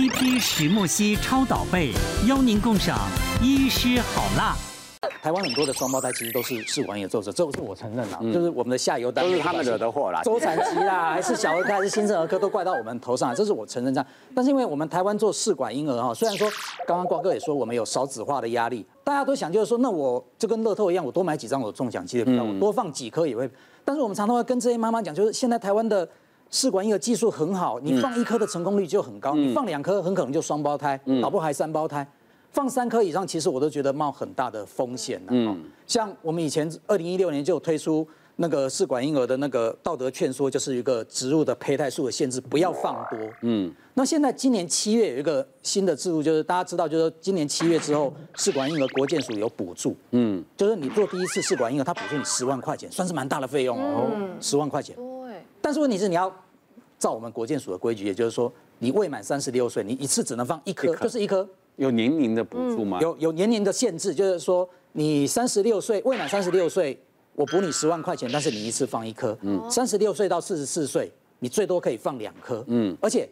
一批石墨烯超導杯，邀您共賞醫師好辣。台灣很多的雙胞胎其實都是試管也做的，這不是我承認啊、嗯，就是我們的下游單都是他們惹的禍啦，周產期啦，還是小兒科， 還是新生兒科都怪到我們頭上來，這是我承認這樣。但是因為我們台灣做試管嬰兒哈，雖然說剛剛瓜哥也說我們有少子化的壓力，大家都想就是說，那我就跟樂透一樣，我多買幾張我中獎機的票，我多放幾顆也會。但是我們常常會跟這些媽媽講，就是現在台灣的。試管嬰兒技術很好，你放一顆的成功率就很高，嗯、你放兩顆很可能就雙胞胎，搞、嗯、不好還三胞胎。放三顆以上，其實我都覺得冒很大的風險、啊、嗯、哦，像我們以前二零一六年就有推出那個試管嬰兒的那個道德勸說，就是一個植入的胚胎數的限制，不要放多。嗯。那現在今年七月有一個新的制度，就是大家知道，就是說今年七月之後，試管嬰兒國健署有補助。嗯。就是你做第一次試管嬰兒，他補助你十萬塊錢，算是蠻大的費用哦，十、嗯、萬塊錢。對。但是問題是你要。照我們國健署的規矩，也就是說，你未滿三十六歲，你一次只能放一顆，就是一顆。有年齡的補助嗎？有有年齡的限制，就是說你三十六歲未滿三十六歲，我補你十萬塊錢，但是你一次放一顆。嗯。三十六歲到四十四歲，你最多可以放兩顆。嗯。而且，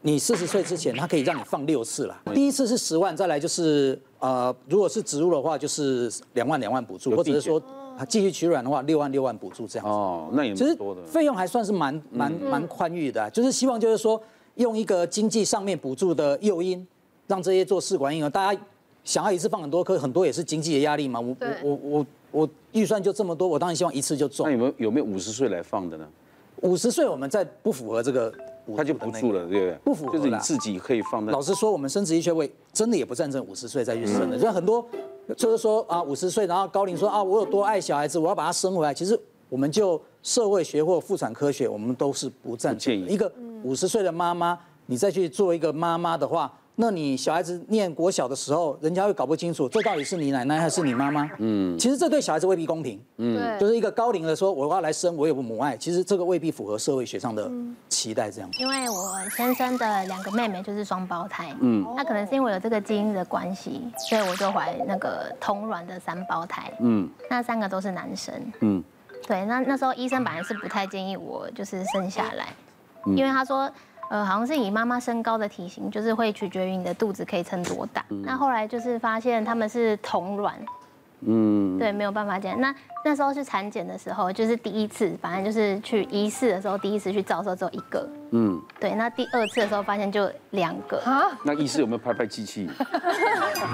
你四十歲之前，他可以讓你放六次啦。第一次是十萬，再來就是呃，如果是植入的話，就是兩萬兩萬補助，或者是說。他繼續取卵的話，六萬六萬補助這樣子，哦，那也挺多的。其實費用還算是蠻蠻蠻寬裕的，啊，就是希望就是說，用一個經濟上面補助的誘因，讓這些做試管嬰兒大家想要一次放很多顆，可很多也是經濟的壓力嘛。我我我我我預算就這麼多，我當然希望一次就中。那有沒有有沒有五十歲來放的呢？五十歲我們再不符合這個、那個，他就不住了，對不對？不符合、啊、就是你自己可以放的。老實說，我們生殖醫學會真的也不贊成五十歲再去生的，就是很多。就是說啊，五十歲，然後高齡說啊，我有多愛小孩子，我要把他生回來。其實，我們就社會學或婦產科學，我們都是不贊成。一個五十歲的媽媽，你再去做一個媽媽的話。那你小孩子念國小的時候，人家會搞不清楚，這到底是你奶奶還是你媽媽？嗯，其實這對小孩子未必公平。嗯，對，就是一個高齡的說我要來生，我有個母愛，其實這個未必符合社會學上的期待，這樣、嗯。因為我先生的兩個妹妹就是雙胞胎，嗯，那可能是因為我有這個基因的關係，所以我就懷那個同卵的三胞胎，嗯，那三個都是男生，嗯，對，那那時候醫生本來是不太建議我就是生下來，嗯、因為他說。呃，好像是以媽媽身高的體型，就是會取決於你的肚子可以撐多大。嗯。那後來就是發現他們是同卵，嗯，對，沒有辦法減。那那時候去產檢的時候，就是第一次，反正就是去醫師的時候，第一次去照的時候，只有一個。嗯，對。那第二次的時候發現就兩個。啊？那醫師有沒有拍拍機器？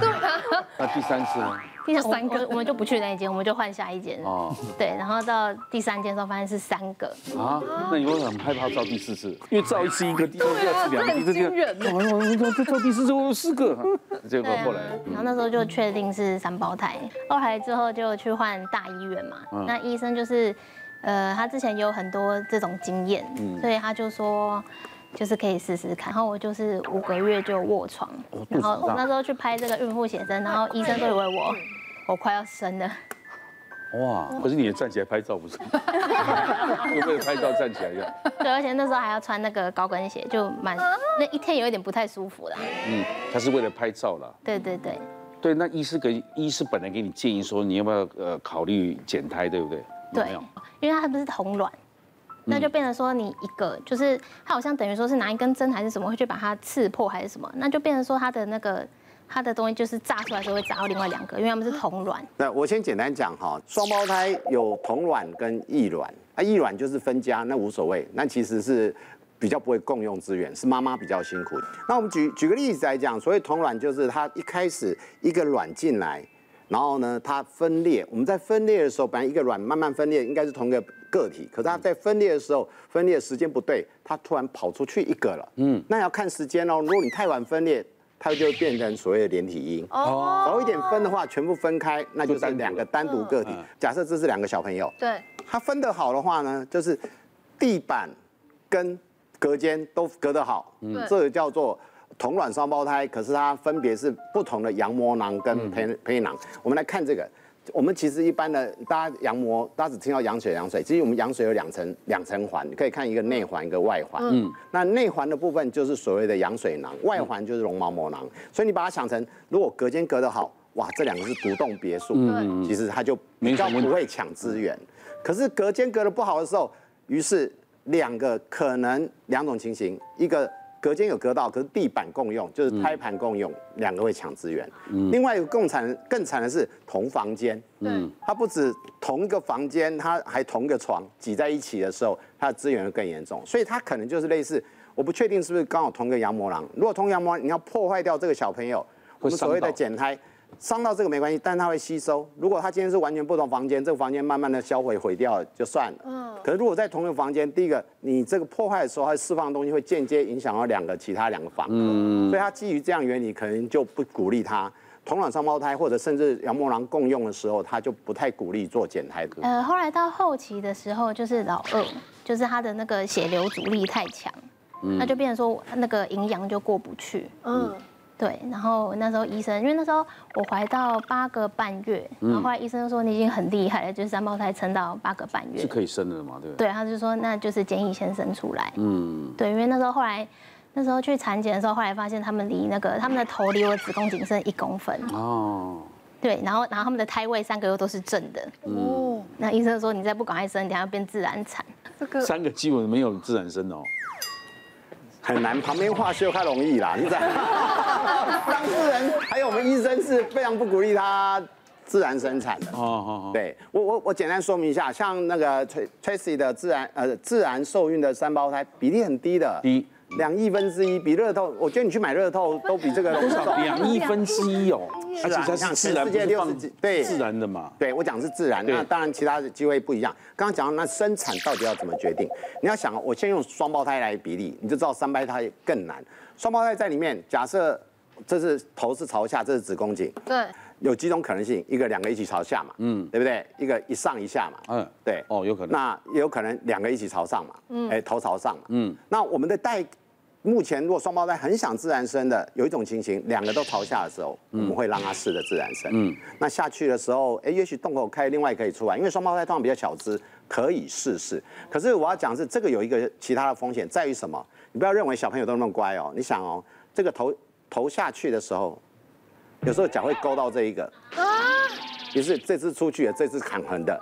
對啊。那第三次呢？第三個，我們就不去那一間，我們就換下一間。哦。對，然後到第三間的時候，發現是三個。啊？那你為什麼很害怕照第四次？因為照一次一個，第二次兩個，第三次，哇，這，這、啊啊啊啊啊、照第四次我有四個。 結果後來，然後那時候就確定是三胞胎。後來之後就去換大醫院。嗯，那醫生就是，呃，他之前有很多這種經驗，所以他就說，就是可以試試看。然後我就是五個月就臥床，然後那時候去拍這個孕婦寫真，然後醫生都以為我我快要生了。哇！可是你也站起來拍照不是？哈哈哈。為了拍照站起來要。對，而且那時候還要穿那個高跟鞋，就蠻那一天有一點不太舒服了。嗯，他是為了拍照了。對對對。對，那醫師給醫師本來給你建議說，你要不要呃考慮減胎，對不對？有沒有？對，因為它不是同卵，那就變成說你一個，嗯、就是它好像等於說是拿一根針還是什麼，會去把它刺破還是什麼，那就變成說它的那個它的東西就是炸出來的時候會砸到另外兩個，因為它們是同卵。那我先簡單講哈，雙胞胎有同卵跟異卵，那、啊、異卵就是分家，那無所謂，那其實是。比較不會共用資源，是媽媽比較辛苦的。那我們舉舉個例子來講，所謂同卵就是它一開始一個卵進來，然後呢，它分裂。我們在分裂的時候，本來一個卵慢慢分裂，應該是同一個個體。可是它在分裂的時候，分裂的時間不對，它突然跑出去一個了。嗯，那要看時間哦、喔。如果你太晚分裂，它就會變成所謂的連體嬰。哦，早一點分的話，全部分開，那就是兩個單獨個體。嗯、假設這是兩個小朋友，對，它分得好的話呢，就是地板跟隔間都隔得好，嗯，這個叫做同卵雙胞胎，可是它分別是不同的羊膜囊跟胚胚、嗯、囊。我們來看這個，我們其實一般的大家羊膜，大家只聽到羊水，羊水，其實我們羊水有兩層，兩層環，你可以看一個內環、嗯，一個外環。嗯，那內環的部分就是所謂的羊水囊，外環就是絨毛膜囊、嗯。所以你把它想成，如果隔間隔得好，哇，這兩個是獨棟別墅，嗯，其實它就比較不會搶資源。可是隔間隔得不好的時候，於是。兩個可能兩種情形，一個隔間有隔道，可是地板共用，就是胎盤共用，嗯，兩個會搶資源，嗯。另外一個更慘，更慘的是同房間，嗯，它不止同一個房間，它還同一個床擠在一起的時候，它的資源會更嚴重。所以它可能就是類似，我不確定是不是剛好同個羊膜囊。如果同羊膜囊，你要破壞掉這個小朋友，我們所謂的減胎。傷到這個沒關係，但它會吸收。如果它今天是完全不同房間，這個房間慢慢的銷毀毀掉就算了。嗯。可是如果在同一個房間，第一個，你這個破壞的時候，它釋放的東西會間接影響到兩個其他兩個房。嗯。所以它基於這樣原理，可能就不鼓勵它同卵雙胞胎或者甚至羊膜囊共用的時候，它就不太鼓勵做減胎的。呃，後來到後期的時候，就是老二，就是它的那個血流阻力太強，嗯，那就變成說那個營養就過不去。嗯。嗯對，然後那時候醫生，因為那時候我懷到八個半月，嗯、然後後來醫生就說，你已經很厲害了，就是三胞胎撐到八個半月是可以生的嘛，對不對？對，他就說那就是建議先生出來。嗯，對，因為那時候後來那時候去產檢的時候，後來發現他們離那個他們的頭離我子宮頸剩一公分。哦。對，然後然後他們的胎位三個又都是正的。哦、嗯。那、嗯、醫生說你再不趕快生，你要變自然產。這個。三個基本沒有自然生哦。很難，旁邊畫血太容易了。你知道， 當事人還有我們醫生是非常不鼓勵他自然生產的哦、oh, oh, oh. 對我我我簡單說明一下，像那個 Tracy 的自然呃自然受孕的三胞胎比例很低的低。兩億分之一比樂透，我覺得你去買樂透都比這個。多少？兩億分之一哦、喔啊，而且像是自然世界幾是放，對，自然的嘛。對，對我講是自然的。當然其他的機會不一樣。剛剛講到那生產到底要怎麼決定？你要想，我先用雙胞胎來比例，你就知道三胞胎更難。雙胞胎在裡面，假設這是頭是朝下，這是子宮頸，對，有幾種可能性，一個兩個一起朝下嘛，嗯，對不對？一個一上一下嘛，嗯、哎，對。哦，有可能。那也有可能兩個一起朝上嘛，嗯，哎、欸，頭朝上嘛，嗯，那我們的帶。目前如果雙胞胎很想自然生的，有一種情形，兩個都頭下的時候，嗯、我們會讓他試着自然生。嗯，那下去的時候，哎，也許洞口開，另外一個可以出來，因為雙胞胎通常比較小只，可以試試。可是我要講是，這個有一個其他的風險在於什麼？你不要認為小朋友都那麼乖哦，你想哦，這個頭頭下去的時候，有時候腳會勾到這一個，於是這隻出去的這隻躺橫的，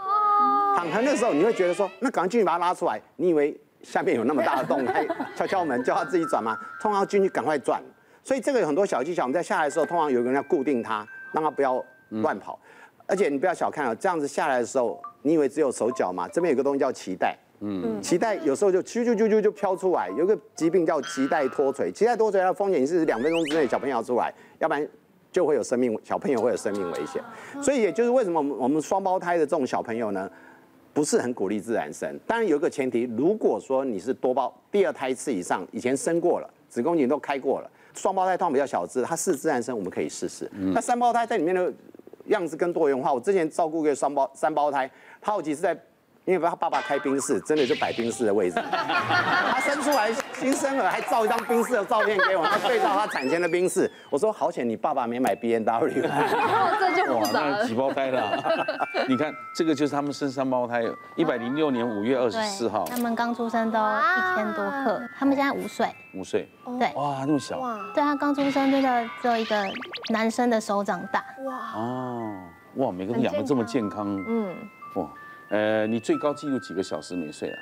躺橫的時候你會覺得說，那趕快進去把它拉出來，你以為？下面有那麼大的洞，敲敲門叫他自己轉嘛。通常進去趕快轉，所以這個有很多小技巧。我們在下來的時候，通常有個人要固定他，讓他不要亂跑、嗯。而且你不要小看了這樣子下來的時候，你以為只有手腳嗎？這邊有個東西叫臍帶，嗯，臍帶有時候就啾啾啾就飄出來，有個疾病叫臍帶脫垂。臍帶脫垂的風險是兩分鐘之內小朋友要出來，要不然就會有生命，小朋友會有生命危險。所以也就是為什麼我們我們雙胞胎的這種小朋友呢？不是很鼓勵自然生，當然有一個前提，如果說你是多胞第二胎次以上，以前生過了，子宮頸都開過了，雙胞胎它比較小只，它是自然生，我們可以試試。嗯。那三胞胎在裡面的樣子更多元化，我之前照顧個雙胞三胞胎，他有幾次在。因為他爸爸開冰室，真的就擺冰室的位置。他生出來新生兒還照一張冰室的照片給我，他對照他產前的冰室。我說好險，你爸爸沒買 B N W，這就不早了。哇，那幾胞胎了，啊。你看，這個就是他們生三胞胎，一百零六年五月二十四號。他們剛出生都一千多克，他們現在五歲。五歲。對。哇，那麼小。哇。對，他剛出生真的只有一個男生的手掌大。哇。哦。哇，每個人養的這麼健康。嗯。哇。呃，你最高記錄幾個小時沒睡啊？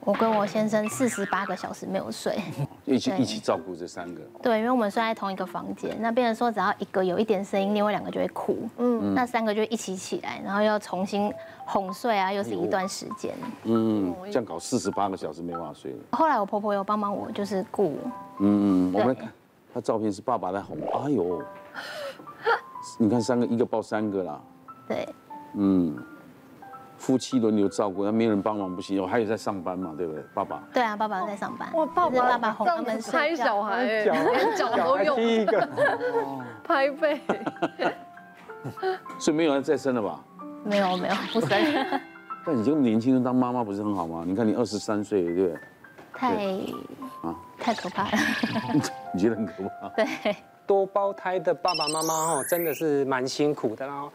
我跟我先生四十八個小時沒有睡， 一起一起照顧這三個。對，因為我們睡在同一個房間。那變成說，只要一個有一點聲音，另外兩個就會哭。嗯，那三個就一起起來，然後要重新哄睡啊，又是一段時間。嗯。嗯，這樣搞四十八個小時沒辦法睡了。後來我婆婆又幫幫我，就是顧我。嗯嗯，我們看她照片是爸爸在哄。哎呦， 你看三個，一個抱三個啦。對。嗯。夫妻輪流照顧，那沒有人幫忙不行。我還有在上班嘛，對不對，爸爸？對啊，爸爸在上班。我、哦、爸爸、爸爸哄他們生小孩、欸，腳都用、哦，拍背。 所以沒有人再生了吧？沒有，沒有不生。 但你這麼年輕，當媽媽不是很好嗎？你看你二十三歲，對不對？太對啊，太可怕了。 你覺得很可怕？對。多胞胎的爸爸媽媽哈，真的是蠻辛苦的啦，啊。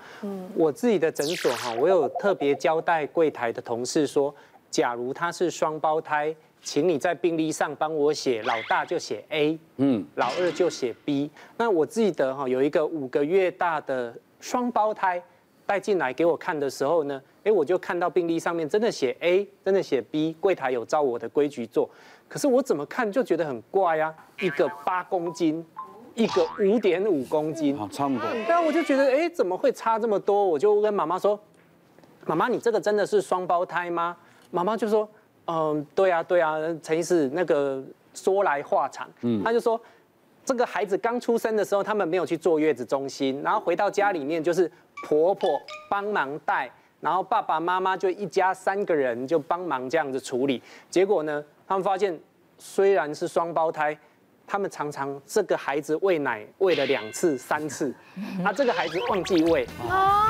我自己的診所哈，我有特別交代櫃檯的同事說，假如他是雙胞胎，請你在病歷上幫我寫，老大就寫 A，嗯，老二就寫 B。那我記得哈，有一個五個月大的雙胞胎帶進來給我看的時候呢，哎，我就看到病歷上面真的寫 A，真的寫 B，櫃檯有照我的規矩做，可是我怎麼看就覺得很怪啊，一個八公斤。一個五點五公斤，差不多。但、 啊、我就覺得，哎、欸，怎麼會差這麼多？我就跟媽媽說：“媽媽，你這個真的是雙胞胎嗎？”媽媽就說：“嗯、呃，對啊，對啊。”陳醫師，那個說來話長。嗯，他就說，這個孩子剛出生的時候，他們沒有去坐月子中心，然後回到家裡面就是婆婆幫忙帶，然後爸爸媽媽就一家三個人就幫忙這樣子處理。結果呢，他們發現雖然是雙胞胎。他們常常這個孩子餵奶餵了兩次三次，啊這個孩子忘記餵啊，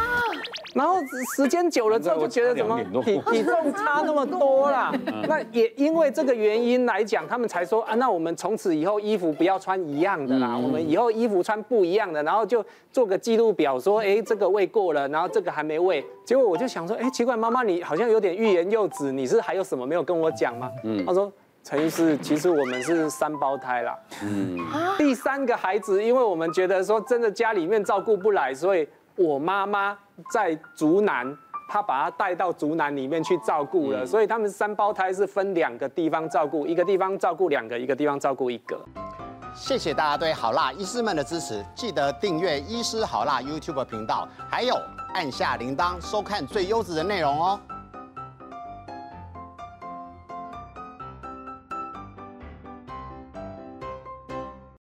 然後時間久了之後就覺得怎麼體體重差那麼多啦。那也因為這個原因來講，他們才說啊，那我們從此以後衣服不要穿一樣的啦，我們以後衣服穿不一樣的，然後就做個記錄表說哎，這個餵過了，然後這個還沒餵。結果我就想說哎，奇怪，媽媽你好像有點欲言又止，你是還有什麼沒有跟我講嗎？嗯，他說。陳醫師，其實我們是三胞胎啦。嗯、啊、第三個孩子，因為我們覺得說真的家裡面照顧不來，所以我媽媽在竹南，她把她帶到竹南裡面去照顧了，嗯。所以他們三胞胎是分兩個地方照顧，一個地方照顧兩個，一個地方照顧一個。謝謝大家對好辣醫師們的支持，記得訂閱醫師好辣 YouTube 頻道，還有按下鈴鐺，收看最優質的內容哦，喔。